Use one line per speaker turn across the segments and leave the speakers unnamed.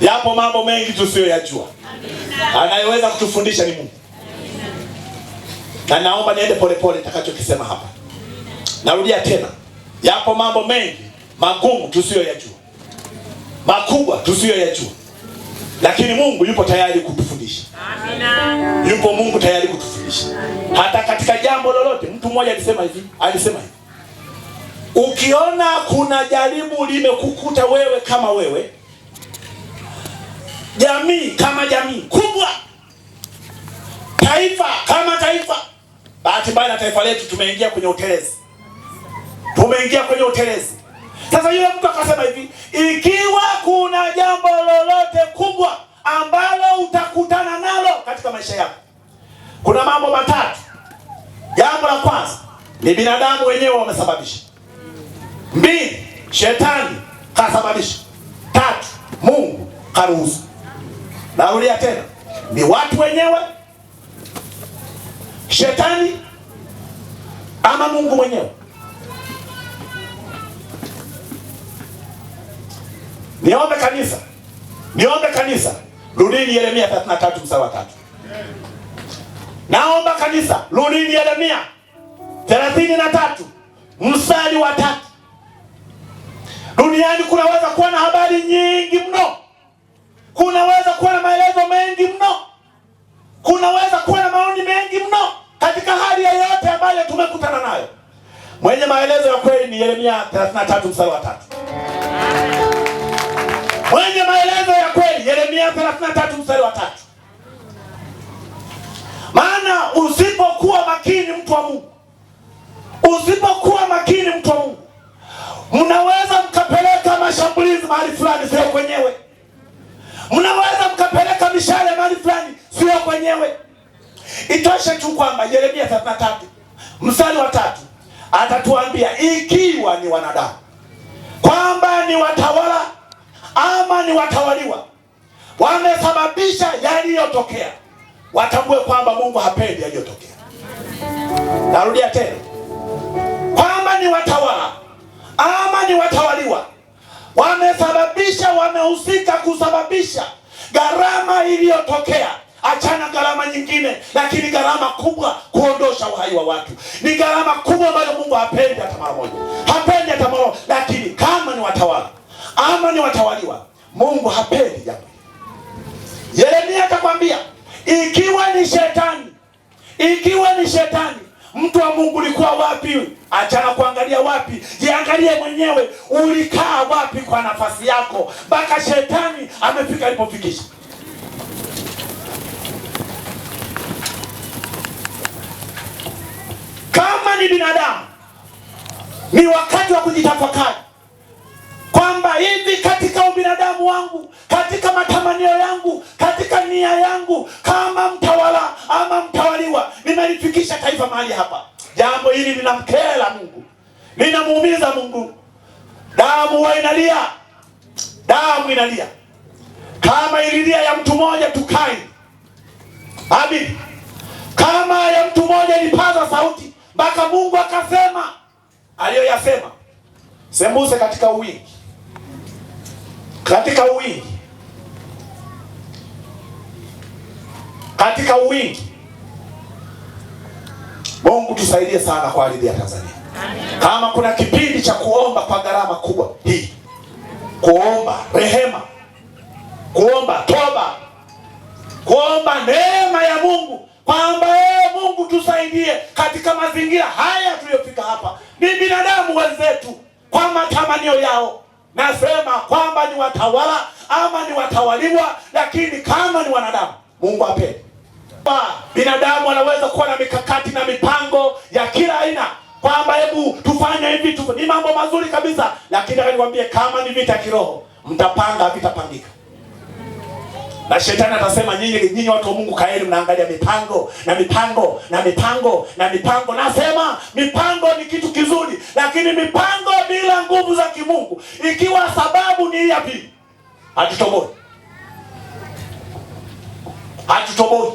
Yapo mambo mengi tusiyoyajua, anayeweza kutufundisha ni Mungu, na naomba niende polepole nitakachokisema hapa. Narudia tena, yapo mambo mengi magumu tusiyoyajua, makubwa tusiyoyajua, lakini Mungu yupo tayari kutufundisha.
Amina.
Yupo Mungu tayari kutufundisha hata katika jambo lolote. Mtu mmoja alisema hivi, alisema hivi, ukiona kuna jaribu limekukuta wewe kama wewe jamii kama jamii kubwa, taifa kama taifa. Bahati mbaya na taifa letu tumeingia kwenye utelezi, tumeingia kwenye utelezi. Sasa yule mtu akasema hivi, ikiwa kuna jambo lolote kubwa ambalo utakutana nalo katika maisha yako, kuna mambo matatu. Jambo la kwanza ni binadamu wenyewe wamesababisha, mbili shetani kasababisha, tatu Mungu karuhusu. Naulia tena, ni watu wenyewe, shetani ama Mungu mwenyewe? Niombe kanisa, niombe kanisa, rudini Yeremia 33 mstari wa 3. Naomba kanisa, rudini Yeremia 33 mstari wa 3. Duniani kunaweza kuwa na habari nyingi mno kunaweza kuwa na maelezo mengi mno, kunaweza kuwa na maoni mengi mno katika hali yoyote ambayo tumekutana nayo. Mwenye maelezo ya kweli ni Yeremia 33 mstari wa Mwenye maelezo ya kweli Yeremia 33 mstari wa Maana usipokuwa makini, mtu wa Mungu, usipokuwa makini, mtu wa Mungu, mnaweza mkapeleka mashambulizi mahali fulani, sio kwenyewe Unaweza mkapeleka mishale mali fulani, sio kwenyewe. Itoshe tu kwamba Yeremia 33 mstari wa tatu atatuambia ikiwa ni wanadamu kwamba ni watawala ama ni watawaliwa wamesababisha yaliyotokea, watambue kwamba Mungu hapendi yaliyotokea. Narudia tena kwamba ni watawala ama ni watawaliwa wamesababisha, wamehusika kusababisha gharama iliyotokea. Achana gharama nyingine, lakini gharama kubwa kuondosha uhai wa watu ni gharama kubwa ambayo Mungu hapendi hata mara moja, hapendi hata mara moja. Lakini kama ni watawala ama ni watawaliwa, Mungu hapendi jambo. Yeremia akakwambia, ikiwa ni shetani, ikiwa ni shetani Mtu wa Mungu ulikuwa wapi? Achana kuangalia wapi, jiangalie mwenyewe, ulikaa wapi kwa nafasi yako mpaka shetani amefika alipofikisha. Kama ni binadamu, ni wakati wa kujitafakari kwamba hivi katika ubinadamu wangu, katika matamanio yangu, katika katika nia yangu kama mtawala ama mtawaliwa, ninalifikisha taifa mahali hapa. Jambo hili linamkera Mungu, linamuumiza Mungu. Damu wa inalia, damu inalia kama ililia ya mtu mmoja tukai abi, kama ya mtu mmoja ilipaza sauti mpaka Mungu akasema aliyoyasema. Sembuse katika uwingi, katika uwingi katika uwingi Mungu tusaidie sana kwa ajili ya Tanzania. Kama kuna kipindi cha kuomba kwa gharama kubwa hii, kuomba rehema, kuomba toba, kuomba neema ya Mungu kwamba ee Mungu tusaidie katika mazingira haya tuliyofika hapa. Ni binadamu wenzetu kwa matamanio yao, nasema kwamba ni watawala ama ni watawaliwa, lakini kama ni wanadamu, Mungu apende Binadamu anaweza kuwa na mikakati na mipango ya kila aina kwamba hebu tufanye hivi tu, ni mambo mazuri kabisa, lakini akaniambia kama ni vita kiroho, mtapanga vitapangika na shetani atasema nyinyi nyinyi watu wa Mungu kaeni mnaangalia mipango na mipango na mipango na mipango. Nasema mipango ni kitu kizuri, lakini mipango bila nguvu za kimungu, ikiwa sababu ni yapi, hatutoboi hatutoboi.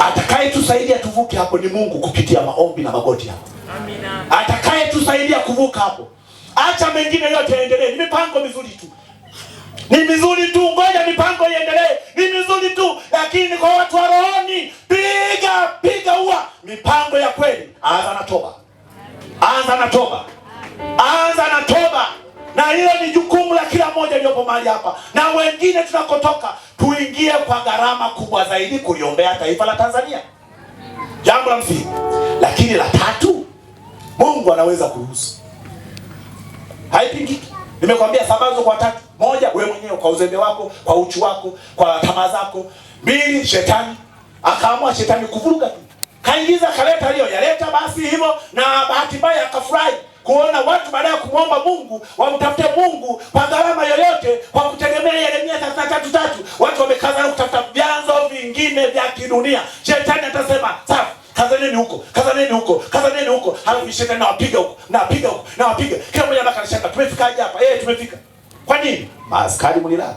atakayetusaidia tuvuke hapo ni Mungu kupitia maombi na magoti hapo. Amina. Atakayetusaidia kuvuka hapo, acha mengine yote yaendelee. Ni mipango mizuri tu, ni mizuri tu, ngoja mipango iendelee, ni mizuri tu, lakini kwa watu wa rohoni, piga piga ua mipango ya kweli. Anza na toba, anza na toba, anza na toba na hilo ni jukumu la kila mmoja aliyopo mahali hapa na wengine tunakotoka, tuingie kwa gharama kubwa zaidi kuliombea taifa la Tanzania, jambo la msingi. Lakini la tatu, Mungu anaweza kuruhusu, haipingiki. Nimekwambia sababu kwa tatu: moja, wewe mwenyewe kwa uzembe wako, kwa uchu wako, kwa tamaa zako; mbili, shetani akaamua, shetani kuvuruga tu, kaingiza kaleta, hiyo yaleta basi hivyo, na bahati mbaya akafurahi kuona watu baada ya kumwomba Mungu wamtafute Mungu kwa gharama yoyote, kwa kutegemea Yeremia thelathini na tatu tatu. Watu wamekazana kutafuta vyanzo vingine vya kidunia. Shetani atasema safi, kazaneni huko, kazaneni huko, kazaneni huko, halafu shetani nawapiga huko, nawapiga huko, nawapiga kila mmoja mpaka anashaka, tumefikaje hapa? Eh, tumefika kwa nini? Maaskari mlilala,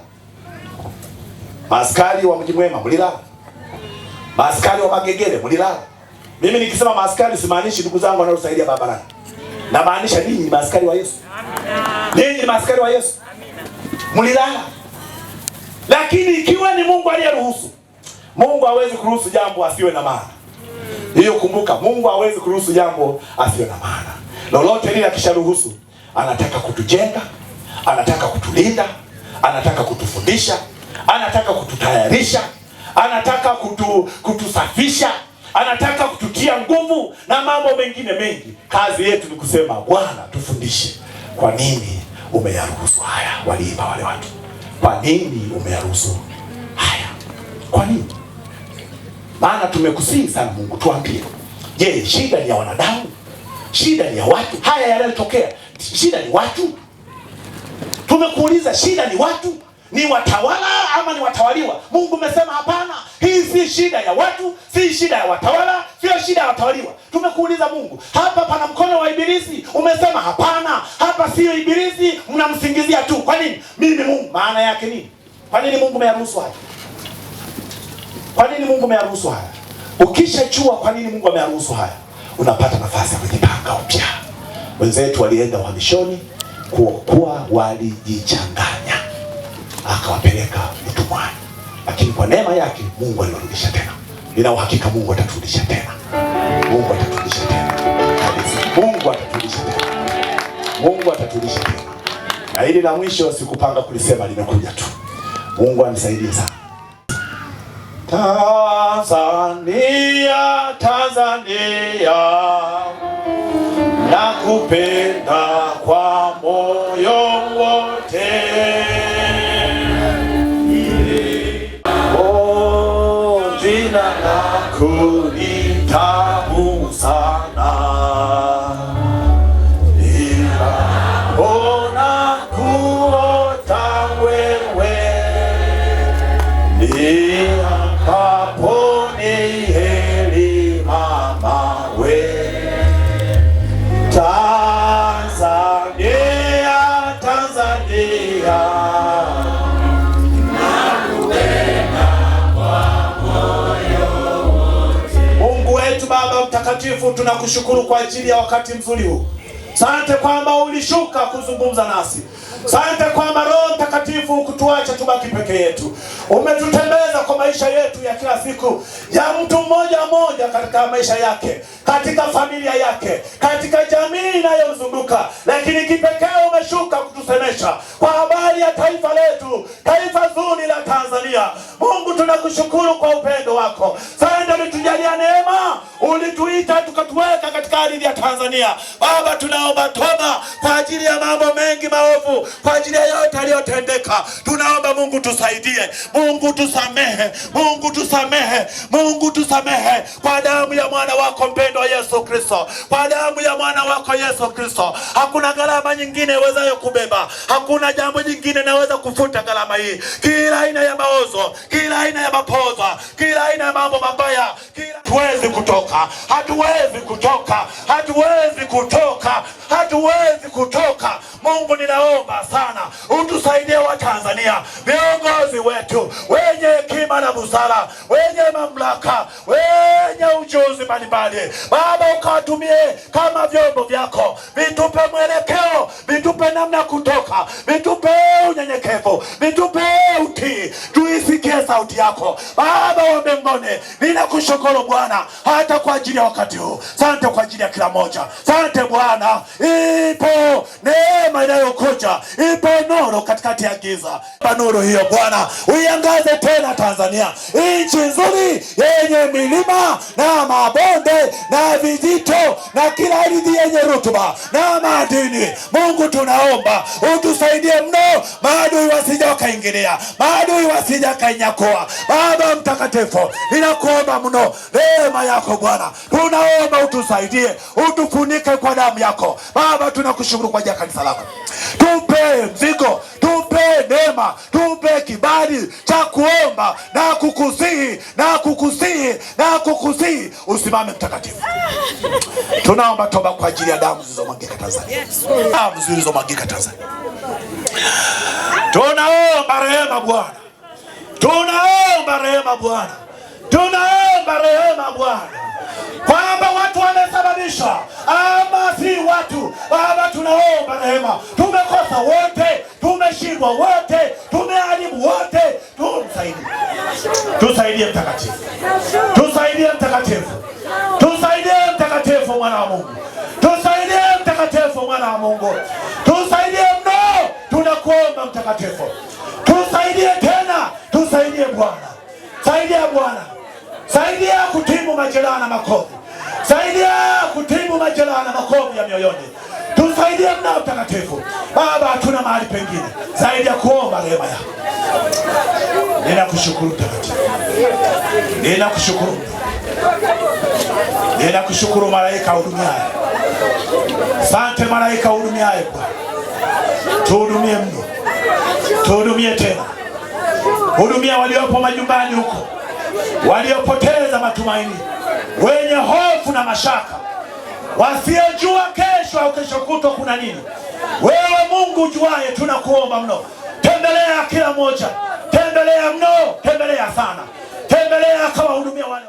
maaskari wa mji mwema mlilala, maaskari wa Magegere mlilala. Mimi nikisema maaskari simaanishi ndugu zangu wanaosaidia barabarani Namaanisha ninyi ni maaskari wa Yesu, ninyi ni maaskari wa Yesu. Mlilala, lakini ikiwa ni Mungu aliyeruhusu. Mungu hawezi kuruhusu jambo asiwe na maana hmm. hiyo. Kumbuka, Mungu hawezi kuruhusu jambo asiwe na maana. Lolote lile akisharuhusu, anataka kutujenga, anataka kutulinda, anataka kutufundisha, anataka kututayarisha, anataka kutu, kutusafisha anataka kututia nguvu na mambo mengine mengi. Kazi yetu ni kusema Bwana, tufundishe, kwa nini umeyaruhusu haya Waliimba wale watu? Kwa nini umeyaruhusu haya? Kwa nini? Maana tumekusihi sana Mungu, tuambie, je, shida ni ya wanadamu? Shida ni ya watu? Haya yanayotokea, shida ni watu? Tumekuuliza, shida ni watu? ni watawala ama ni watawaliwa? Mungu mesema hapana, hii si shida ya watu, si shida ya watawala, sio shida ya watawaliwa. Tumekuuliza Mungu, hapa pana mkono wa Ibilisi? Umesema hapana, hapa siyo Ibilisi, mnamsingizia tu. Kwa nini mimi Mungu? Maana yake nini? Kwa nini Mungu umeyaruhusu haya? Kwa nini Mungu umeyaruhusu haya? Ukishachua kwa nini Mungu ameyaruhusu haya, unapata nafasi ya kujipanga upya. Wenzetu walienda uhamishoni kwa walijichanganya akawapeleka utumwani, lakini kwa neema yake Mungu aliwarudisha tena. Nina uhakika Mungu ataturudisha tena, Mungu ataturudisha tena, Mungu ataturudisha tena, Mungu ataturudisha tena. Na hili la mwisho sikupanga kulisema, limekuja tu. Mungu anisaidie sana. Tanzania, Tanzania, nakupenda kwa moyo wote jina lako ni tamu sana, ninaona kuota wewe Tanzania, Tanzania Mtakatifu, tunakushukuru kwa ajili ya wakati mzuri huu. Sante kwamba ulishuka kuzungumza nasi. Sante kwamba Roho Mtakatifu kutuacha tubaki peke yetu. Umetutembeza kwa maisha yetu ya kila siku ya mtu mmoja mmoja katika maisha yake katika familia yake, katika jamii inayomzunguka, lakini kipekee umeshuka kutusemesha kwa habari ya taifa letu, taifa zuri la Tanzania. Mungu, tunakushukuru kwa upendo wako. Sasa ulitujalia neema, ulituita tukatuweka katika ardhi ya Tanzania. Baba, tunaomba toba kwa ajili ya mambo mengi maovu, kwa ajili ya yote aliyotendeka. Tunaomba Mungu tusaidie, Mungu tusamehe, Mungu tusamehe, Mungu tusamehe kwa damu ya mwana wako mpendo upendo Yesu Kristo, kwa damu ya mwana wako Yesu Kristo. Hakuna gharama nyingine iwezayo kubeba, hakuna jambo jingine naweza kufuta gharama hii. Kila aina ya maozo, kila aina ya mapoza, kila aina ya mambo mabaya, kila tuwezi kutoka, hatuwezi kutoka, hatuwezi kutoka, hatuwezi kutoka. Mungu, ninaomba sana utusaidie wa Tanzania, viongozi wetu wenye hekima na busara, wenye mamlaka, wenye ujuzi mbalimbali Baba, ukawatumie kama vyombo vyako, vitupe mwelekeo, vitupe namna ya kutoka, vitupe unyenyekevu, vitupe utii, tuisikie sauti yako Baba wa mbinguni. Ninakushukuru Bwana hata kwa ajili ya wakati huu, sante kwa ajili ya kila moja, sante Bwana. Ipo neema inayokuja, ipo nuru katikati ya giza. Nuru hiyo Bwana uiangaze tena Tanzania, nchi nzuri yenye milima na mabonde na vijito na kila ardhi yenye rutuba na madini. Mungu tunaomba utusaidie mno, maadui wasija wakaingilia, maadui wasija wakanyakoa. Baba Mtakatifu, ninakuomba mno rehema yako Bwana, tunaomba utusaidie, utufunike kwa damu yako Baba. Tunakushukuru kwa ajili ya kanisa lako, tupe mzigo, tupe neema, tupe kibali cha kuomba na kukusihi na kukusihi na kukusihi. Usimame mtakatifu. Tunaomba toba kwa ajili ya damu zilizomwagika Tanzania, damu zilizomwagika Tanzania. Tunaomba rehema Bwana, tunaomba rehema Bwana, tunaomba rehema Bwana, kwamba watu wamesababisha ama si watu. Baba, tunaomba rehema. Tumekosa wote, tumeshindwa wote, tumeharibu wote. Tumsaidie, tusaidie mtakatifu, tusaidie mtakatifu pepo. Tusaidie tena, tusaidie Bwana, saidia Bwana, saidia kutibu majeraha na makovu, saidia kutibu majeraha na makovu ya mioyoni. Tusaidie mnao mtakatifu. Baba, hatuna mahali pengine zaidi ya kuomba rehema yako. Ninakushukuru mtakatifu, ninakushukuru, ninakushukuru malaika hudumiaye. Asante malaika hudumiaye Bwana. Tuhudumie mno, tuhudumie tena, hudumia waliopo majumbani huko, waliopoteza matumaini, wenye hofu na mashaka, wasiojua kesho au kesho kutwa kuna nini. Wewe Mungu juaye, tunakuomba mno, tembelea kila moja, tembelea mno, tembelea sana, tembelea akawahudumia wale